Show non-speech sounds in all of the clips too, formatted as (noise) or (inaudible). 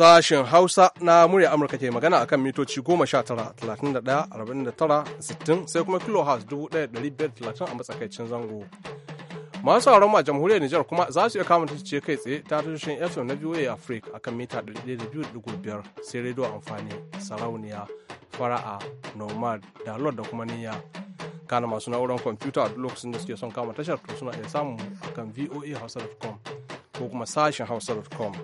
Sashen Hausa na murya Amurka ke magana a kan mitoci 19-31-49-60 sai kuma kilohertz 1530 a matsakaicin zango. Masu sauran a jamhuriyar Nijar kuma za su iya kama ce kai tsaye ta tashoshin FM na VOA Africa a kan mita 102.5 sai rediyo amfani sarauniya fara'a nomad da da kuma niyya. kana masu na'urar kwamfuta a duk lokacin da suke son kama tashar to suna iya samu VOA hausa.com ko kuma sashen hausa.com.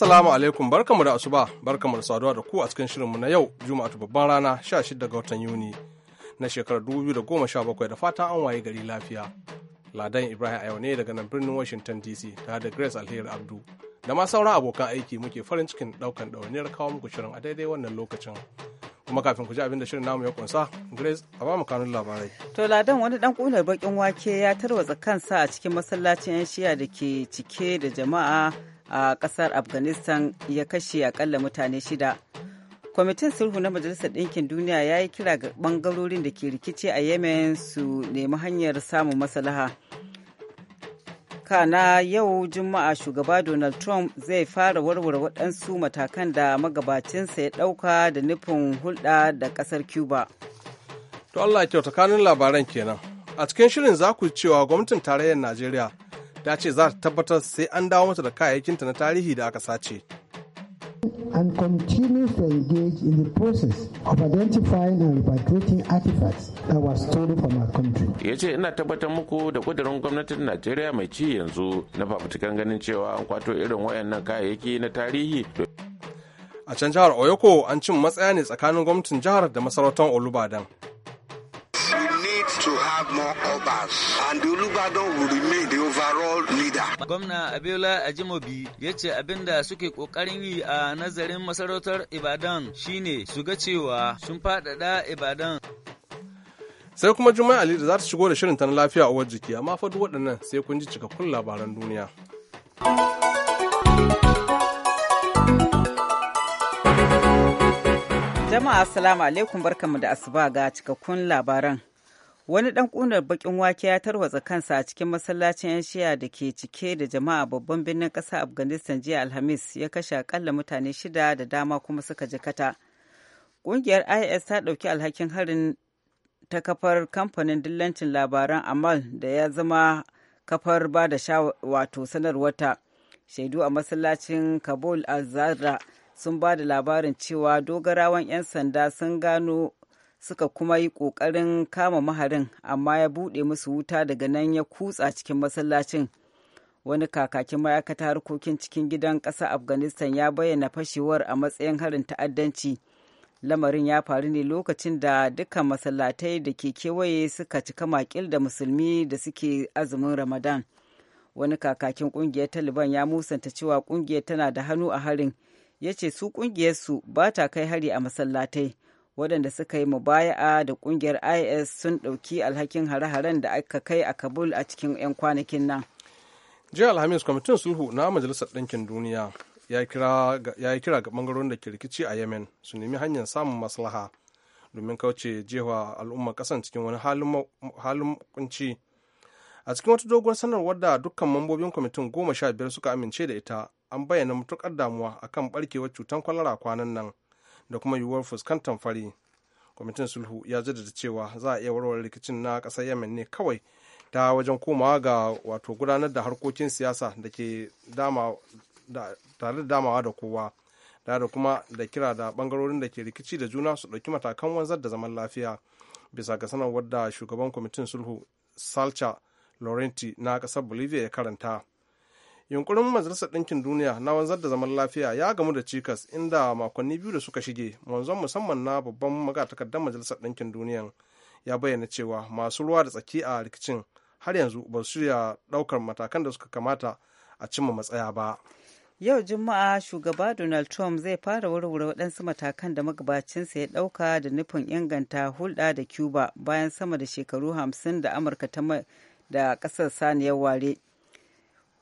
Assalamu alaikum barkamu da asuba barkamu da saduwa da ku a cikin shirinmu na yau Juma'a babban rana 16 ga watan Yuni na shekarar 2017 da fata an waye gari lafiya. Ladan Ibrahim a yau ne daga nan birnin Washington DC tare da Grace Alheri Abdu da ma sauran abokan aiki muke farin cikin daukan ɗauniyar kawo muku shirin a daidai wannan lokacin. kuma kafin ku ji abin da shirin namu ya kunsa grace a ba mu kanun labarai to ladan wani dan kunar bakin wake ya tarwatsa kansa a cikin masallacin yan shiya da ke cike da jama'a a ƙasar afghanistan ya kashe akalla mutane shida kwamitin sulhu na majalisar ɗinkin duniya ya yi kira ga ɓangarorin da ke rikici a yemen su nemi hanyar samun maslaha kana yau juma'a shugaba donald trump zai fara warware waɗansu matakan da magabacinsa ya ɗauka da nufin hulɗa da ƙasar cuba to allah kyauta tsakanin labaran kenan a cikin shirin za ku cewa gwamnatin tarayyar najeriya ta ce za ta tabbatar sai an dawo mata da kayayyakinta na tarihi da aka sace. and continues to engage in the process of identifying and repatriating artifacts that were stolen from our country. Ya ce ina tabbatar muku da kudurin gwamnatin Najeriya mai ci yanzu na fafutukan ganin cewa an kwato irin wayannan kayayyaki na tarihi. A can jihar Oyoko an cin matsaya ne tsakanin gwamnatin jihar da masarautar Olubadan. more obas and Olubadan will remain the overall leader. Gwamna Abiola Ajimobi ya ce abin da suke kokarin yi a nazarin masarautar Ibadan shine su ga cewa sun faɗaɗa Ibadan. Sai kuma Juma'a Ali da za ta shigo da shirin ta na lafiya a jiki amma fa waɗannan sai kun ji cikakkun labaran duniya. Jama'a assalamu alaikum barkanmu da asuba ga cikakkun labaran. wani ɗan ƙunar baƙin wake ya tarwatsa kansa a cikin masallacin 'yan shiya da ke cike da jama'a babban birnin ƙasa afghanistan jiya alhamis ya kashe akalla mutane shida da dama kuma suka jikata ƙungiyar is ta ɗauki alhakin harin ta kafar kamfanin dillancin labaran amal da ya zama kafar ba da sha wato sanarwata shaidu a masallacin kabul al zara sun ba da labarin cewa dogarawan 'yan sanda sun gano suka kuma yi ƙoƙarin kama maharin amma ya buɗe musu wuta daga nan ya kutsa cikin masallacin wani kakakin ma'aikata harkokin cikin gidan ƙasa afghanistan ya bayyana fashewar a matsayin harin ta'addanci lamarin ya faru ne lokacin da dukkan masallatai da ke kewaye suka cika makil da musulmi da suke azumin ramadan wani kakakin ƙungiyar taliban ya musanta cewa ƙungiyar tana da hannu a harin ya ce su ƙungiyarsu ba ta kai hari a masallatai waɗanda suka yi mubaya'a da ƙungiyar is sun ɗauki alhakin hare-haren da aka kai a kabul a cikin 'yan kwanakin nan jiya alhamis kwamitin sulhu na majalisar ɗinkin duniya ya yi kira ga ɓangarorin da ke rikici a yemen su nemi hanyar samun maslaha domin kauce jewa al'umma kasan cikin wani halin kunci a cikin wata doguwar sanarwar da dukkan mambobin kwamitin goma sha biyar suka amince da ita an bayyana matuƙar damuwa akan ɓarkewar cutar kwalara kwanan nan da kuma yiwuwar fuskantar fari kwamitin sulhu ya jaddada cewa za a iya warware rikicin na ƙasar yemen ne kawai ta wajen komawa ga wato gudanar da harkokin siyasa da ke tare da damawa da kowa da kuma da kira da bangarorin da ke rikici da juna su ɗauki matakan wanzar da zaman lafiya bisa ga sanarwar da shugaban kwamitin sulhu salcha laurenti na ƙasar bolivia ya karanta yunkurin majalisar ɗinkin duniya na wanzar da zaman lafiya ya gamu da cikas inda makonni biyu da suka shige manzon musamman na babban magatakardar majalisar ɗinkin duniya ya bayyana cewa masu ruwa da tsaki a rikicin har yanzu ba su ya ɗaukar matakan da suka kamata a cimma matsaya ba yau juma'a shugaba donald trump zai fara warware waɗansu matakan da magabacinsa ya ɗauka da nufin inganta hulɗa da cuba bayan sama da shekaru hamsin da amurka ta da ƙasar saniyar ware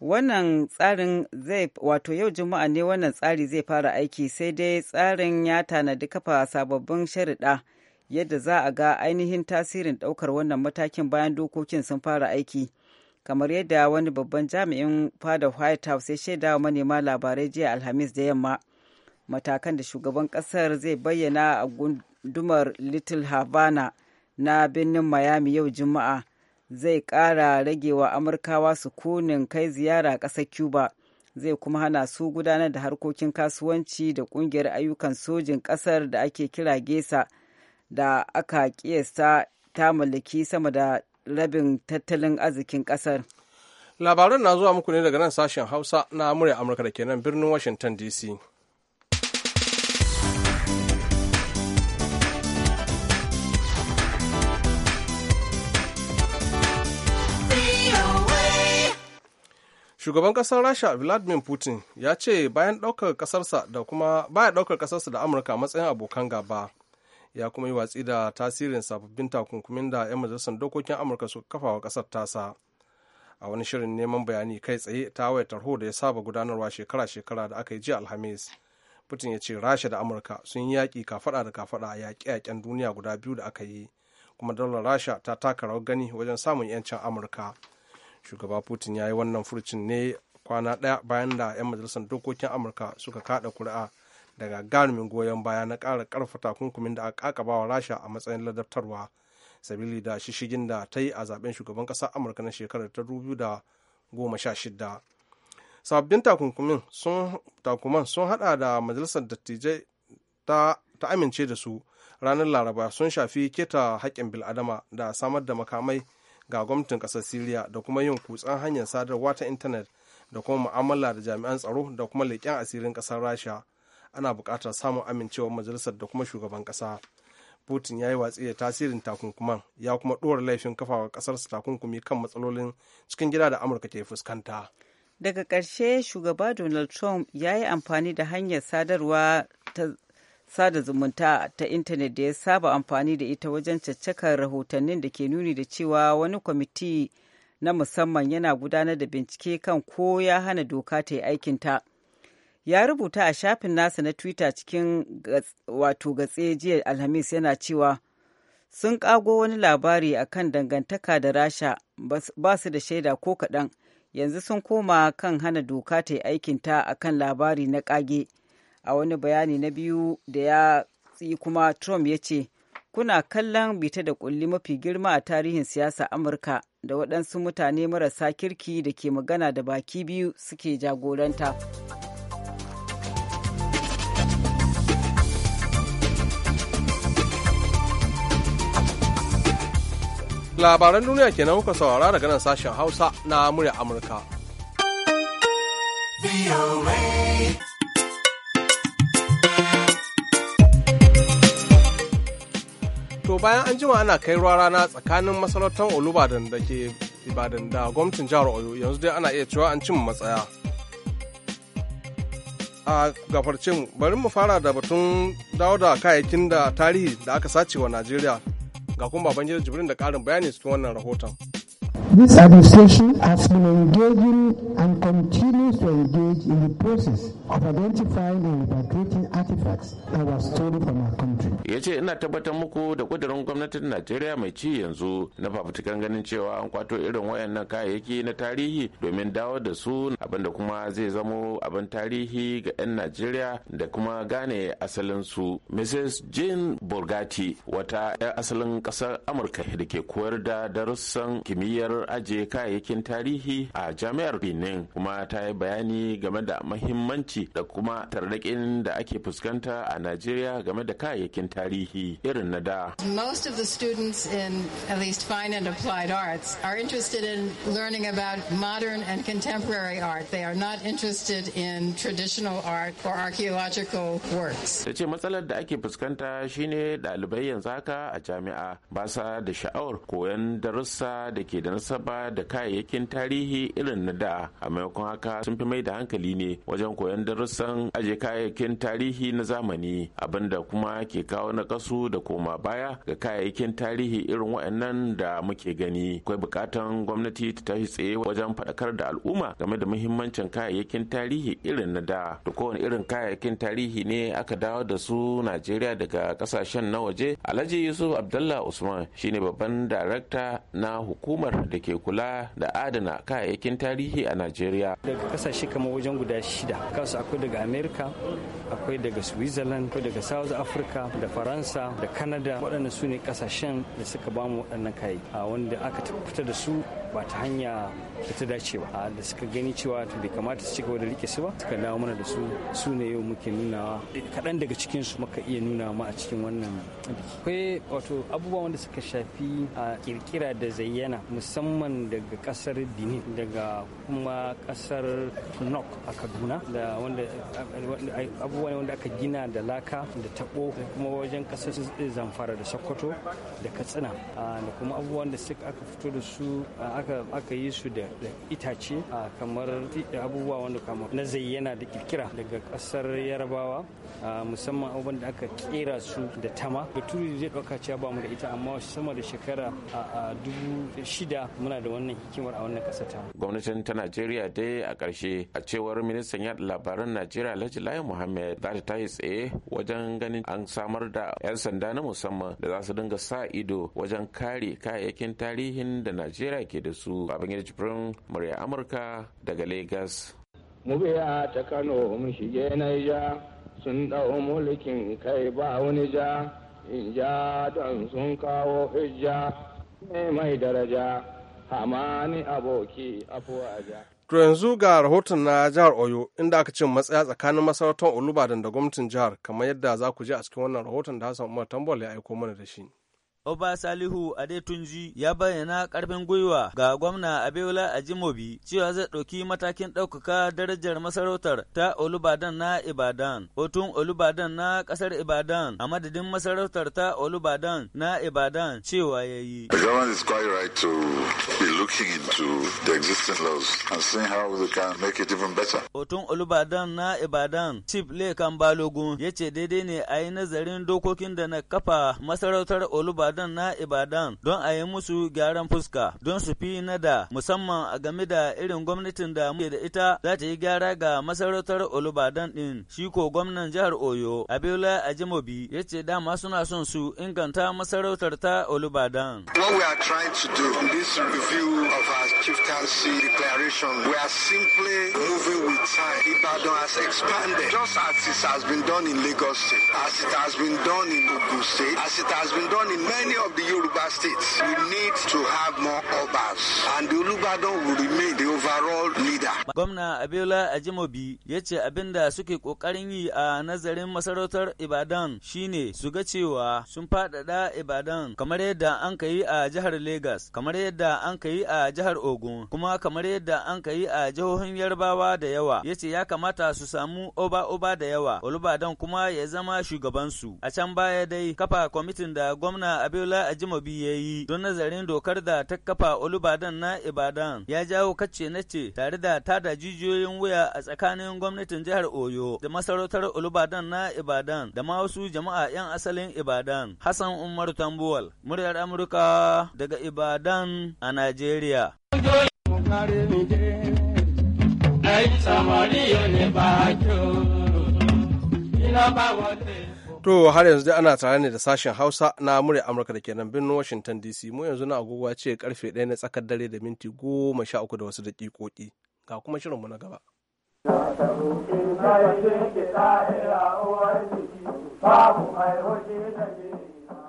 wannan tsarin zai wato yau juma'a ne wannan tsari zai fara aiki sai dai tsarin ya tanadi kafa sababbin sharaɗa yadda za a ga ainihin tasirin ɗaukar wannan matakin bayan dokokin sun fara aiki kamar yadda wani babban jami'in fada white house ya shaida wa manema labarai jiya alhamis da yamma matakan da shugaban ƙasar zai bayyana a gundumar little havana na birnin miami yau juma'a zai ƙara rage wa amurkawa su kunin kai ziyara a ƙasar cuba zai kuma hana su gudanar da harkokin kasuwanci da ƙungiyar ayyukan sojin ƙasar da ake kira gesa da aka ƙiyasta ta mallaki sama da rabin tattalin arzikin ƙasar labaran na zuwa muku ne daga nan sashen hausa na amurka da kenan birnin washington dc shugaban kasar rasha vladimir putin ya ce bayan daukar kasarsa da kuma baya daukar kasarsa da amurka matsayin abokan gaba ya kuma yi watsi da tasirin sababbin takunkumin da 'yan majalisar dokokin amurka suka kafa wa kasar tasa a wani shirin neman bayani kai tsaye ta wayatar tarho da ya saba gudanarwa shekara-shekara da aka yi jiya alhamis putin ya ce rasha da amurka sun yi yaƙi kafaɗa da kafaɗa a yaƙe-yaƙen duniya guda biyu da aka yi kuma dalar rasha ta taka rawar gani wajen samun 'yancin amurka shugaba putin ya yi wannan furcin ne kwana ɗaya bayan da 'yan majalisar dokokin amurka suka kada kuri'a daga garumin goyon baya na kara ƙarfa takunkumin da aka wa rasha a matsayin ladabtarwa sabili da shishigin da ta yi a zaben shugaban ƙasar amurka na shekarar ta da goma sha shida sababbin takunkumin sun takuman sun hada da majalisar dattijai ta, amince da su ranar laraba sun shafi keta haƙƙin bil'adama da samar da makamai ga gwamnatin ƙasar siriya da kuma yin kutsan hanyar sadarwa ta intanet da kuma mu'amala da jami'an tsaro da kuma leƙen asirin ƙasar rasha ana buƙatar samun amincewar majalisar da kuma shugaban ƙasa putin ya yi watsi da tasirin takunkuman ya kuma ɗora laifin kafawa ƙasarsa takunkumi kan matsalolin cikin gida da amurka ke fuskanta daga ƙarshe shugaba donald trump ya yi amfani da hanyar sadarwa ta sada zumunta ta intanet da ya saba amfani da ita wajen caccakar rahotannin da ke nuni da cewa wani kwamiti na musamman yana gudanar da bincike kan ko ya hana doka ta yi aikinta. Ya rubuta a shafin nasa na Twitter cikin wato gatse jiya Alhamis yana cewa sun kago wani labari akan dangantaka da Rasha ba su da shaida ko kaɗan yanzu sun koma kan hana doka ta yi aikinta akan labari na ƙage. a wani bayani na biyu da ya tsi kuma trump ya ce kuna kallon bita da kulli mafi girma a tarihin siyasa amurka da waɗansu mutane marasa kirki da ke magana da baki biyu suke jagoranta labaran duniya kenan kuka saurara daga nan sashen hausa na murya amurka bayan an jima ana kai ruwa rana tsakanin masarautar Olubadan da ke Ibadan da gwamnatin jihar Oyo yanzu dai ana iya cewa an cin matsaya. A gafarce mu bari mu fara da batun dawo da kayayyakin da tarihi da aka sace wa Najeriya ga kuma Babangida Jibrin da karin bayani cikin wannan rahoton. This administration has been engaging and continues to engage in the process of identifying and repatriating artifacts that were stolen from our country. Ya ce ina tabbatar muku da kudurin gwamnatin Najeriya mai ci yanzu na fafutukan ganin cewa an kwato irin wayannan kayayyaki na tarihi domin dawo da su abinda kuma zai zamo abin tarihi ga 'yan Najeriya da kuma gane asalin su. Mrs. Jane Borgati wata 'yan asalin ƙasar Amurka da ke koyar da darussan kimiyyar ajiye kayayyakin tarihi a jami'ar Benin kuma ta yi bayani game da mahimmanci muhimmanci da kuma tarnaƙin da ake fuskanta a Najeriya game da kayayyakin tarihi irin na da. Most of the students in at least fine and applied arts are interested in learning about modern and contemporary art. They are not interested in traditional art or archaeological works. Ta ce matsalar da ake fuskanta shine ɗalibai yanzu haka a jami'a ba sa da sha'awar koyon darussa da ke da nasaba da kayayyakin tarihi irin na da a maimakon haka sun fi mai da hankali ne wajen koyon darussan aje kayayyakin tarihi na zamani abinda kuma ke kawo na kasu da koma baya ga kayayyakin tarihi irin waɗannan da muke gani akwai bukatan gwamnati ta tashi tsaye wajen faɗakar da al'umma game da muhimmancin kayayyakin tarihi irin na da da kowane irin kayayyakin tarihi ne aka dawo da su najeriya daga kasashen na waje alhaji yusuf abdallah usman shine babban darakta na hukumar da ke kula da adana kayayyakin tarihi a najeriya daga kasashe kamar wajen guda shida akwai daga america akwai daga switzerland akwai daga south africa da faransa da canada waɗanda su ne ƙasashen da suka ba mu waɗannan kayi a wanda aka fita da su ba ta hanya da ta dace ba da suka gani cewa bai kamata su cika da rike su ba suka dawo mana da su su ne yau muke nunawa kaɗan daga cikin su muka iya nuna ma a cikin wannan biki akwai wato abubuwa wanda suka shafi a kirkira da zayyana musamman daga ƙasar benin daga kuma ƙasar nok a kaduna da wanda wanda aka gina da laka da tabo da kuma wajen kasar zamfara da sokoto da katsina ah, da kuma abubuwan da suka aka fito da su ah, aka yi su da itace ah, kamar abubuwa wanda kama na zayyana da kirkira daga kasar yarabawa musamman abubuwan da aka kera su da tama da turi zai ɗauka cewa ba mu da ita amma sama da shekara a dubu shida muna da wannan hikimar a wannan kasar ta gwamnatin ta najeriya dai a ƙarshe a cewar ministan yaɗa labarai taron najeriya alhaji layi muhammad za ta tashi tsaye wajen ganin an samar da 'yan sanda na musamman da za su dinga sa ido wajen kare kayayyakin tarihin da najeriya ke da su babangida jibrin murya amurka daga lagos mu ta kano mu shige naija sun dau mulkin kai ba wani ja in ja don sun kawo ijja mai daraja hamani aboki afuwa ja To yanzu ga rahoton na jihar Oyo inda aka ce matsaya tsakanin masarautar Olubadan da gwamnatin jihar kamar yadda za ku je a cikin wannan rahoton da Hassan Umar Tambol ya aiko mana da shi. Oba Salihu Adetunji ya bayyana karfin gwiwa ga gwamna Abiola Ajimobi cewa zai ɗauki matakin ɗaukaka darajar masarautar ta Olubadan na Ibadan. Otun Olubadan na ƙasar Ibadan a madadin masarautar ta Olubadan na Ibadan cewa ya yi. The government is quite right to be looking into the existing laws and seeing how we can make it even better. Otun Olubadan na Ibadan Chief Lekan Balogun ya ce daidai ne a yi nazarin dokokin da na kafa masarautar Olubadan magadan na Ibadan don a yi musu gyaran fuska don su fi na da musamman a game da irin gwamnatin da muke da ita za ta yi gyara ga masarautar Olubadan din shi ko gwamnan jihar Oyo Abiola Ajimobi ya ce dama suna son su inganta masarautar ta Olubadan. What we are trying to of our chieftaincy declaration we are simply as it has been done in Ogun State, as it has been done in many any of the Yoruba states, we need to have more Obas, and the Olubadan will remain the overall leader. Gwamna Abiola Ajimobi ya ce abin da suke ƙoƙarin yi a nazarin masarautar Ibadan shine su ga cewa sun faɗaɗa Ibadan kamar yadda an ka yi a jihar Legas, kamar yadda an ka yi a jihar Ogun, kuma kamar yadda an ka yi a jihohin Yarbawa da yawa. Ya ce ya kamata su samu oba-oba da yawa, Olubadan kuma ya zama shugabansu. A can baya dai kafa kwamitin da gwamna Abiola Abiola Ajimobi ya yi don nazarin dokar da ta kafa Olubadan na Ibadan ya jawo kace na ce tare da tada jijiyoyin wuya a tsakanin gwamnatin jihar Oyo da masarautar Olubadan na Ibadan da ma wasu jama'a 'yan asalin Ibadan. Hassan Umar Tambuwal, muryar Amurka daga Ibadan a Najeriya. samari To har yanzu dai ana tare ne da sashen Hausa na murya Amurka da ke nan birnin Washington DC mu yanzu na agogo ce karfe ɗaya na tsakar dare da minti goma sha uku da wasu daƙiƙoƙi ga kuma shirinmu na gaba.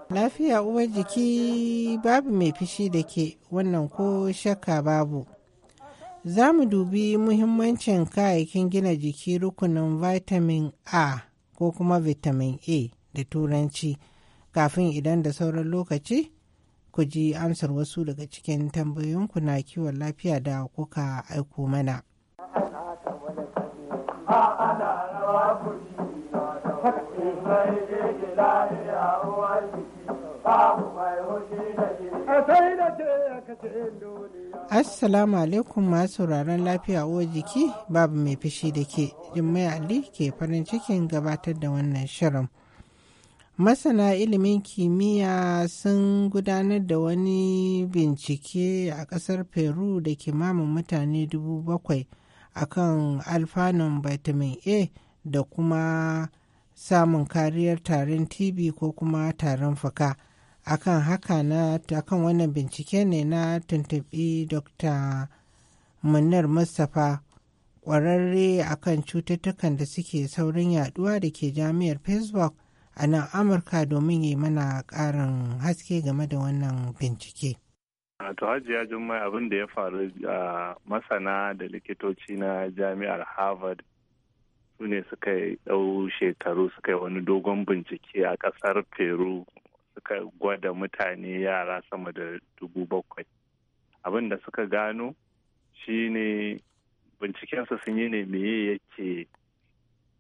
Lafiya uwar jiki babu mai fishi da ke wannan ko shakka babu. Za mu dubi muhimmancin kayayyakin gina jiki rukunin vitamin A. ko kuma vitamin A da turanci kafin idan da sauran lokaci ku ji amsar wasu daga cikin tambayoyinku na kiwon lafiya da kuka aiko mana. Assalamu alaikum masu sauraron lafiya uwa jiki babu mai fishi da ke Jummai Ali ke farin cikin gabatar da wannan shirin. Masana ilimin kimiyya sun gudanar da wani bincike a ƙasar Peru da kimamin mutane dubu bakwai akan alfanun vitamin A da kuma samun kariyar tarin TB ko kuma tarin fuka. akan haka na akan wannan bincike ne na tuntubi dr munnar mustapha kwararre akan cututtukan da suke saurin yaduwa da ke jami'ar facebook a nan amurka domin yi mana karin haske game da wannan bincike to hajiya jummai abin da ya faru a masana da likitoci na jami'ar harvard su ne suka ɗau shekaru suka yi wani dogon bincike a ƙasar peru suka gwada mutane yara sama da dubu bakwai abin da suka gano shi binciken bincikensu sun yi ne meye yake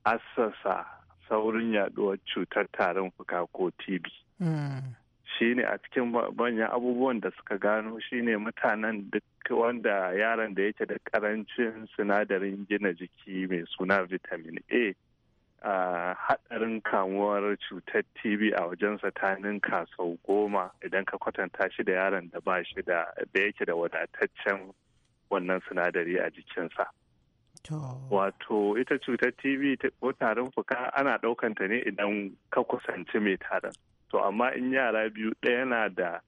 assasa saurin yaduwar cutar tarin fuka ko tb hmm. ne a cikin manyan abubuwan da suka gano shi ne mutanen duk wanda yaron da yake da karancin sinadarin gina jiki mai suna vitamin a haɗarin kamuwar cutar TB a wajensa ta ninka sau goma idan ka kwatanta shi da yaron da ba shi da yake da wadataccen wannan sinadari a jikinsa. Wato ita cutar TB ko tarin fuka ana ɗaukanta ne idan ka kusanci mai tarin. To amma in yara biyu ɗaya na da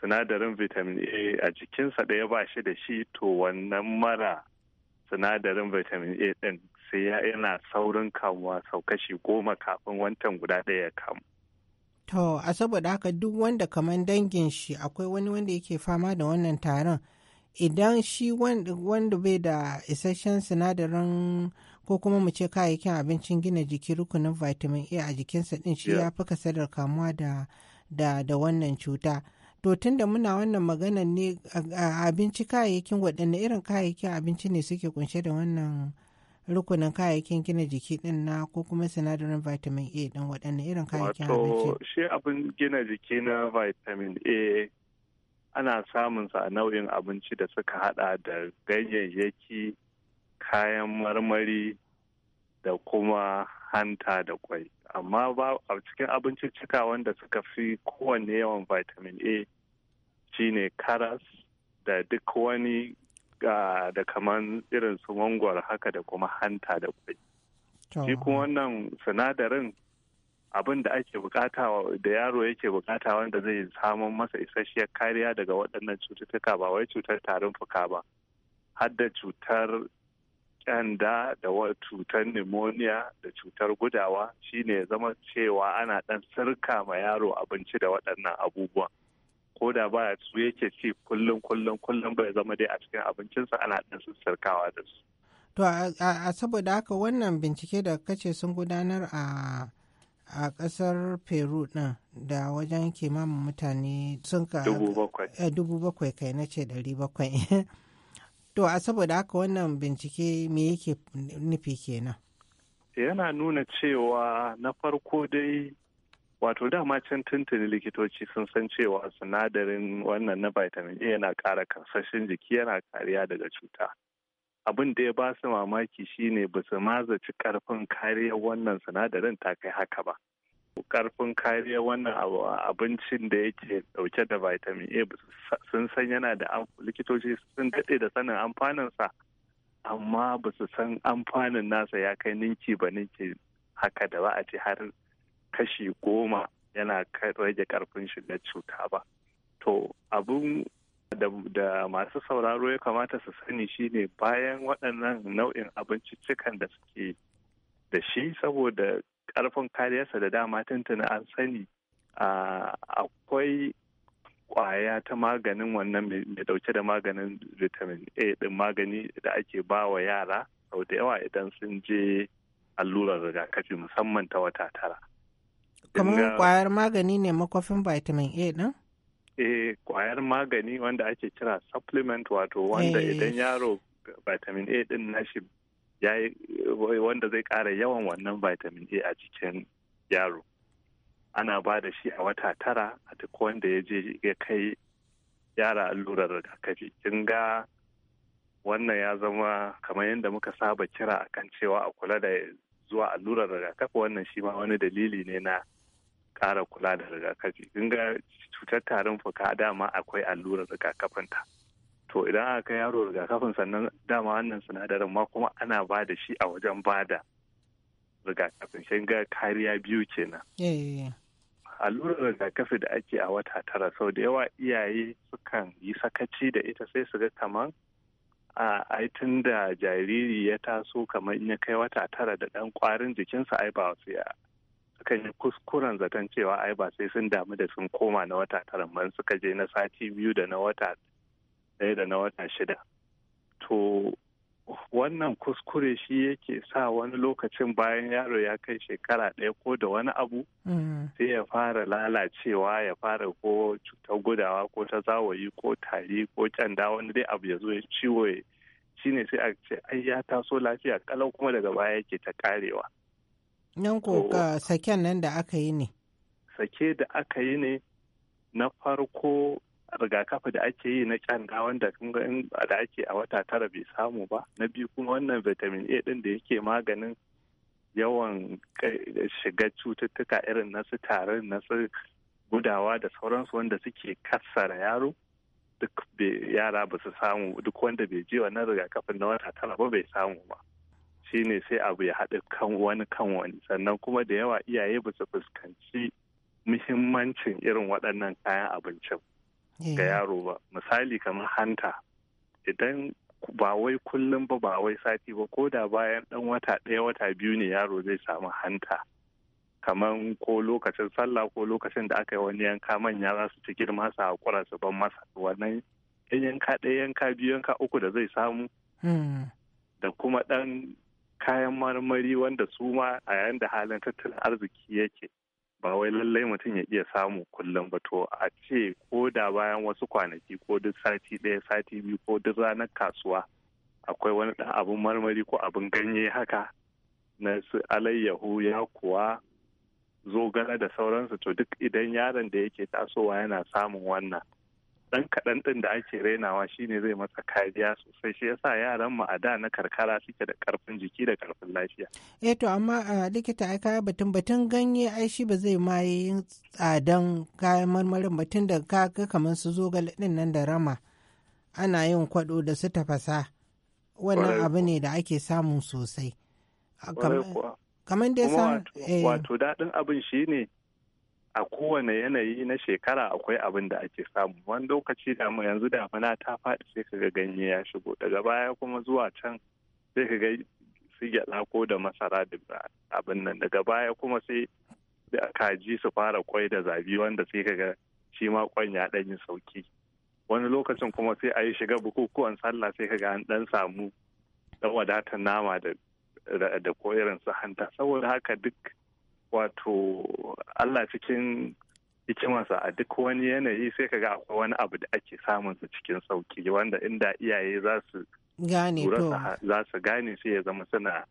sinadarin vitamin A a jikinsa ɗaya ba shi da shi to wannan mara sinadarin vitamin A ɗin sai yana saurin kamuwa sau kashi goma kafin wantan guda ɗaya kamu. To, a saboda haka duk wanda kamar dangin shi akwai wani wanda yake fama da wannan taron idan shi wanda bai da isasshen sinadarin ko kuma mu ce kayayyakin abincin gina jiki rukunin vitamin A a jikinsa din shi ya fi kasadar kamuwa da wannan cuta. To tunda muna wannan maganan ne abinci kayayyakin waɗanne irin kayayyakin abinci ne suke kunshe da wannan rukunin kayayyakin gina jiki din na ko kuma sinadarin vitamin A din waɗanne irin kayayyakin abinci? Wato shi abin gina jiki na vitamin A ana samun sa a nau'in abinci da suka hada da ganyayyaki, kayan marmari da kuma hanta da kwai. Amma ba a cikin cika wanda suka fi kowanne yawan vitamin A shine karas da duk wani da kaman irin su mangwar haka da kuma hanta da kwai shi kuma wannan sinadarin abin da ake bukata da yaro yake bukata wanda zai samun masa isasshiyar kariya daga waɗannan cututtuka ba wai cutar tarin fuka ba har da cutar ƙyanda da cutar pneumonia da cutar gudawa shine ya zama cewa ana ɗan sirka ma yaro abinci da waɗannan abubuwan Koda da ba su yake ci kullum kullum kullum bai zama dai a cikin abincinsa ana ɗan sassarkawa da su. To a saboda haka wannan bincike da kace sun gudanar a a ƙasar Peru ɗin da wajen kimanin mutane sun ka dubu bakwai eh, kai na ce ɗari bakwai. (laughs) To a saboda haka wannan bincike me yake nufi kenan? Yana nuna cewa na farko dai wato dama can tuntuni likitoci sun san cewa sinadarin wannan na vitamin a yana kara karsashin jiki yana kariya daga cuta abin da ya ba su mamaki shine ba su mazaci karfin kariyar wannan sinadarin ta kai haka ba karfin kariya wannan abincin da yake dauke da vitamin a sun san yana da likitoci sun daɗe da sanin amfaninsa amma ba su san amfanin nasa ya kai ninki ba ninki haka da ba a ce har kashi goma yana rage karfin shiga cuta ba to abun da masu sauraro ya kamata su sani shine bayan waɗannan nau'in abinciccikan da suke da shi saboda karfin kariyarsa da dama tuntuna an sani akwai kwaya ta maganin wannan mai dauke da maganin vitamin a din magani da ake ba wa yara sau da yawa idan sun je allurar rigakafi musamman ta wata tara kamar kwayar magani ne makwafin vitamin a din eh kwayar magani wanda ake kira supplement wato wanda eh. idan yaro vitamin a din nashi wanda zai ƙara yawan wannan vitamin a a cikin yaro ana ba da shi a wata tara a duk wanda ya je ya kai yara allurar rigakafi kin ga wannan ya zama kamar yadda muka saba kira a kan cewa a kula da zuwa allurar rigakafi wannan shi ma wani dalili ne na kara kula da rigakafi kin ga cutar tarin fuka dama akwai allurar rigakafin ta to idan aka kai yaro rigakafin sannan dama wannan sinadarin ma kuma ana ba da shi a wajen ba da rigakafin shi ga kariya biyu kenan allurar rigakafi da ake a wata tara sau da yawa iyaye sukan yi sakaci da ita sai su ga kamar ai tun da jariri ya taso kamar in ya kai wata tara da ɗan kwarin jikinsa ai ba su ya sukan yi kuskuren zaton cewa ai ba sai sun damu da sun koma na wata tara ban suka je na sati biyu da na wata ɗaya da na wata shida to wannan kuskure shi yake sa wani lokacin bayan yaro ya kai shekara ɗaya ko da wani abu mm. sai ya fara lalacewa ya fara ko cutar gudawa ko ta zawayi ko tari ko canda wani dai abu ya zo ya ciwo ne sai a ce ai ya taso lafiya kalau kuma daga baya yake ta karewa nan ko oh. ka saken nan da aka yi ne sake da aka yi ne na farko rigakafi da ake yi na kyanda wanda da ake a wata tara bai samu ba na biyu kuma wannan vitamin a din da yake maganin yawan shiga cututtuka irin na su tarin na su gudawa da sauransu wanda suke kassara yaro duk yara ba su samu duk wanda bai je wannan rigakafin na wata tara ba bai samu ba shine sai abu ya haɗu kan wani kan wani sannan kuma da yawa iyaye ba su fuskanci muhimmancin irin waɗannan kayan abincin ga eh. yaro ba misali kamar hanta idan ba wai kullum ba ba wai sati ba ko da bayan dan wata ɗaya wata biyu ne yaro zai samu hanta kamar ko lokacin sallah ko lokacin da aka yi wani yanka manya za su ci girma su hakura su ban masa wannan yanka ɗaya yanka biyu yanka uku da zai samu hmm. da kuma ɗan kayan marmari wanda su ma a yayin da halin tattalin arziki yake ba wai lallai mutum ya iya samu kullum ba to a ce ko da bayan wasu kwanaki ko duk sati ɗaya sati biyu ko duk ranar kasuwa akwai wani ɗan abin marmari ko abin ganye haka na su alayyahu ya kuwa zogale da sauransu to duk idan yaron da yake tasowa yana samun wannan dan kaɗan ɗin da ake rainawa shine zai masa kariya sosai shi yasa yaran mu a da na karkara suke da karfin jiki da karfin lafiya eh to amma likita ai kaya batun batun ganye ai shi ba zai ma yi tsadan kayan marmarin batun da ka kamar su zogale ɗin nan da rama ana yin kwado da su tafasa wannan abu ne da ake samu sosai kamar dai eh. wato daɗin abin shi a kowane yanayi na shekara akwai abin da ake samu wani lokaci da yanzu damuna ta faɗi sai kaga ganye ya shigo daga baya kuma zuwa can sai kaga su gyaɗa ko da masara da abin nan daga baya kuma sai da kaji su fara kwai da zabi wanda sai kaga shi ma kwan ya ɗan yi sauki wani lokacin kuma sai a yi shiga bukukuwan sallah sai kaga an ɗan samu ɗan wadatar nama da da su hanta saboda haka duk wato Allah cikin hikimarsa a duk wani yanayi sai ka ga akwai wani abu da ake samun su cikin sauki wanda inda iyaye za su gane to za su gane sai ya zama suna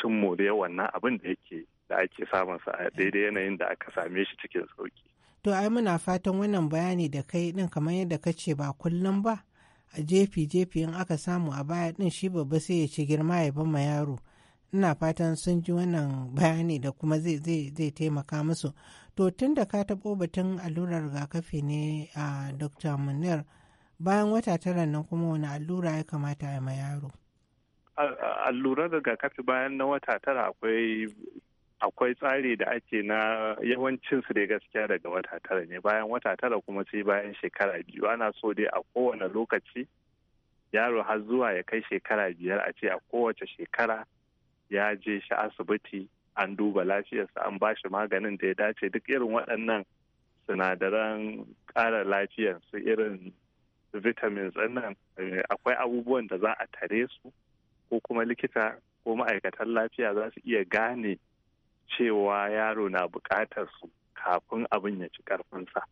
cin moriyar wannan abin da yake da ake samun sa a daidai yanayin da aka same shi cikin sauki to ai muna fatan wannan bayani da kai din kamar yadda ka ce ba kullum ba a jefi jefi in aka samu a baya din shi babba sai ya ci girma ya ma yaro ina fatan sun ji wannan bayani da kuma zai taimaka musu to tun da ka taɓo batun allurar rigakafi ne a dr munir bayan wata tara nan kuma wani allura ya kamata a ma yaro allurar rigakafi bayan na wata tara akwai tsari da ake na yawancinsu dai gaskiya daga wata tara ne bayan wata tara kuma sai bayan shekara biyu ana so dai a kowane lokaci yaro har zuwa ya kai shekara biyar a ce a kowace shekara ya je shi asibiti an duba lafiyarsa an ba shi maganin da ya dace duk irin waɗannan sinadaran ƙara lafiyar su irin vitamins ɗinnan eh, akwai abubuwan da za a tare su ko kuma likita ko ma'aikatan lafiya za su iya gane cewa yaro na buƙatar su kafin abin ya ci ƙarfinsa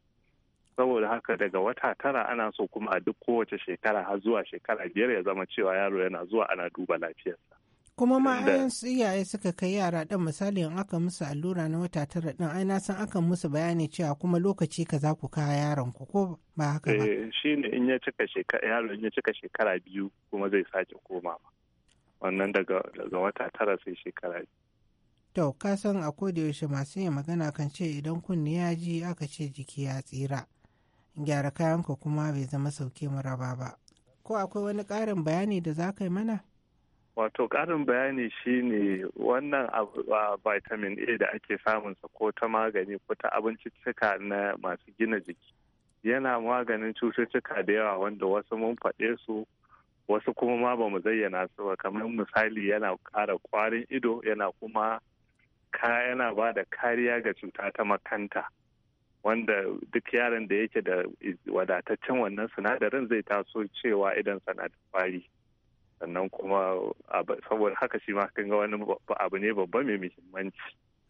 saboda haka daga wata tara ana so kuma a duk kowace shekara har zuwa shekara biyar ya zama cewa yaro yana zuwa ana duba lafiyarsa kuma ma eh, iyaye suka kai yara ɗan misali in aka musu allura na wata tara ɗin aina na san aka musu bayani cewa kuma lokaci ka za ku kawo yaron ku ko ba haka ba eh, shi ne in ya cika shekara yaro in ya cika shekara biyu kuma zai sake ba, wannan daga daga wata tara sai shekara to ka san a koda yaushe masu yin magana kan ce idan kunni ya ji aka ce jiki ya tsira gyara kayanka kuma bai zama sauke maraba ba ko akwai wani ƙarin bayani da za ka yi mana Wato ƙarin bayani shine wannan vitamin A da ake samunsa ko ta magani ko ta abinciccika na masu gina jiki. Yana maganin cututtuka da yawa wanda wasu mun faɗe su wasu kuma ma ba mu zayyana su ba kamar misali yana ƙara ƙwarin ido yana kuma ka yana ba da kariya ga cuta ta makanta wanda duk yaron da yake da wadataccen wannan sinadarin zai taso cewa idan sana da kwari. sannan kuma saboda haka shi ma kan ga wani abu ne babba mai muhimmanci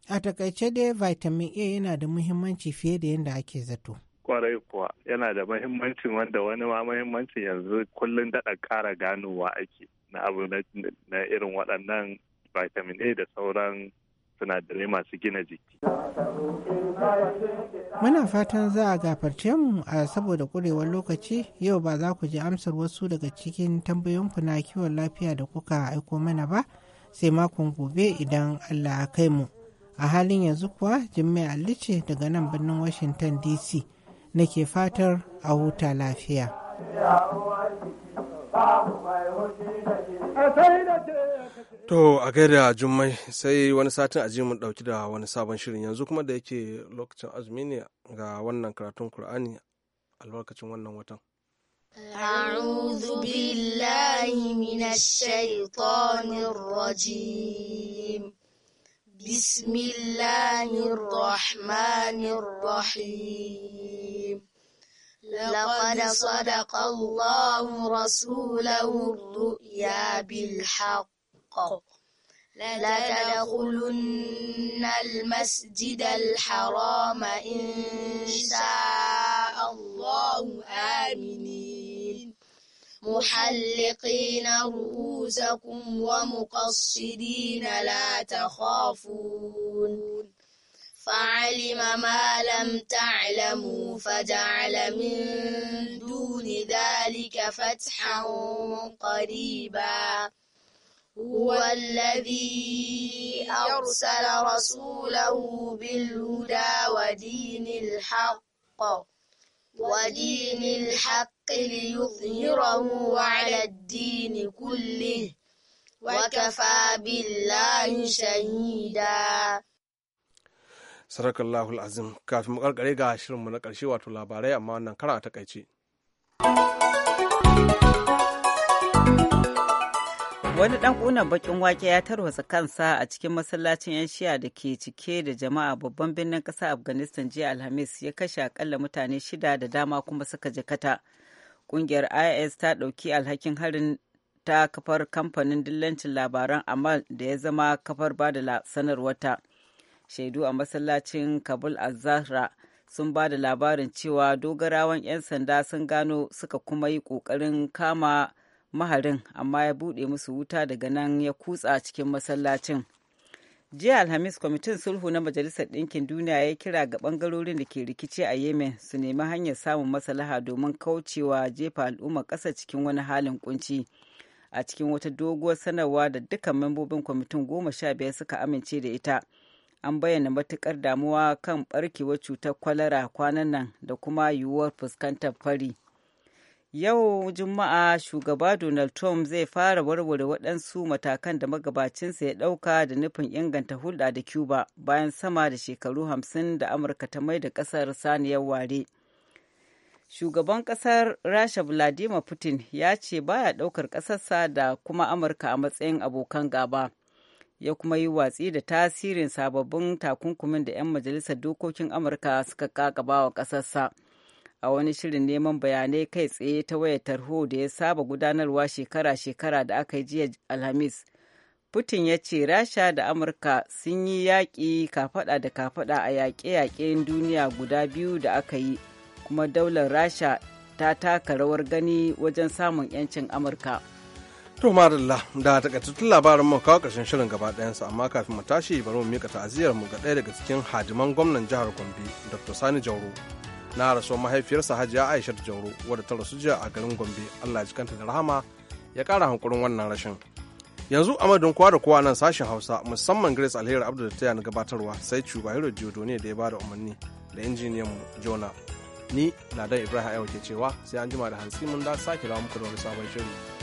a takaice dai vitamin a yana da muhimmanci fiye da yadda ake zato kwarai kuwa yana da mahimmancin wanda wani ma mahimmancin yanzu kullum daɗa ƙara ganowa ake na abu na irin waɗannan vitamin a da sauran sinadarai masu gina jiki. Muna fatan za a gafarce mu a saboda kurewar lokaci yau ba za ku ji amsar wasu daga cikin tambayoyinku na kiwon lafiya da kuka aiko mana ba sai makon gobe idan Allah ya kai mu. A halin yanzu kuwa Jummai Alice daga nan birnin Washington DC nake fatar a huta lafiya. To a gaida jummai sai wani satin aji mu dauki da wani sabon shirin yanzu kuma da yake lokacin azumi ne ga wannan karatun Kur'ani albarkacin wannan watan. أعوذ بالله من الشيطان الرجيم بسم الله الرحمن لقد صدق الله رسوله الرؤيا بالحق لتدخلن المسجد الحرام إن شاء الله آمنين محلقين رؤوسكم ومقصدين لا تخافون فعلم ما لم تعلموا فجعل من دون ذلك فتحا قريبا هو الذي أرسل رسوله بالهدى ودين الحق ودين الحق ليظهره على الدين كله وكفى بالله شهيدا sarakar lahul azim kafin mu karkare ga shirinmu na karshe wato labarai amma wannan kara a takaice wani dan kunan bakin wake ya tarwatsa kansa a cikin masallacin yan shiya da ke cike da jama'a babban birnin ƙasa afghanistan jiya alhamis ya kashe akalla mutane shida da dama kuma suka jakata kungiyar is ta dauki alhakin harin ta kafar kamfanin dillancin labaran amal da ya zama kafar ba da sanarwata shaidu a masallacin kabul al-zahra sun ba da labarin cewa dogarawan 'yan sanda sun gano suka kuma yi kokarin kama maharin amma ya buɗe musu wuta daga nan ya kutsa cikin masallacin jiya alhamis kwamitin sulhu na majalisar ɗinkin duniya ya kira ga ɓangarorin da ke rikici a yemen su nemi hanyar samun masalaha domin kaucewa jefa al'ummar ƙasa cikin wani halin kunci a cikin wata doguwar sanarwa da duka membobin kwamitin goma sha biyar suka amince da ita an bayyana matukar damuwa kan barkewar cutar kwalara kwanan nan da kuma yiwuwar fuskantar fari yau juma'a shugaba donald trump zai fara warware waɗansu matakan da magabacinsa ya ɗauka da nufin inganta hulɗa da cuba bayan sama da shekaru hamsin da amurka ta mai da ƙasar saniyar ware shugaban ƙasar rasha vladimir putin ya ce baya ɗaukar ƙasarsa da kuma amurka a matsayin abokan gaba ya kuma yi watsi da tasirin sababbin takunkumin da 'yan majalisar dokokin amurka suka kakaba wa ƙasarsa a wani shirin neman bayanai kai tsaye ta wayar tarho da ya saba gudanarwa shekara-shekara da aka yi jiya alhamis putin ya ce rasha da amurka sun yi yaƙi kafaɗa da kafaɗa a yaƙe-yaƙen duniya guda biyu da aka yi kuma daular rasha ta taka rawar gani wajen samun 'yancin amurka. To madalla da takaitattun labarin mu kawo karshen shirin gaba ɗayansa amma kafin mu tashi bari mu mika ta'aziyar mu ga ɗaya daga cikin hadiman gwamnan jihar Gombe Dr. Sani Jauro na rasuwar mahaifiyarsa Hajiya Aisha Jauro wadda ta rasu jiya a garin Gombe Allah ya kanta da rahama ya ƙara hankurin wannan rashin. Yanzu amadun kowa da kowa nan sashen Hausa musamman Grace Alheri Abdul da ta gabatarwa sai Chubahiro Jodo ne da ya bada umarni da injiniyan mu Jona. Ni Ladan Ibrahim Ayo ke cewa sai an jima da hantsi mun da sake rawa muku da wani sabon shiri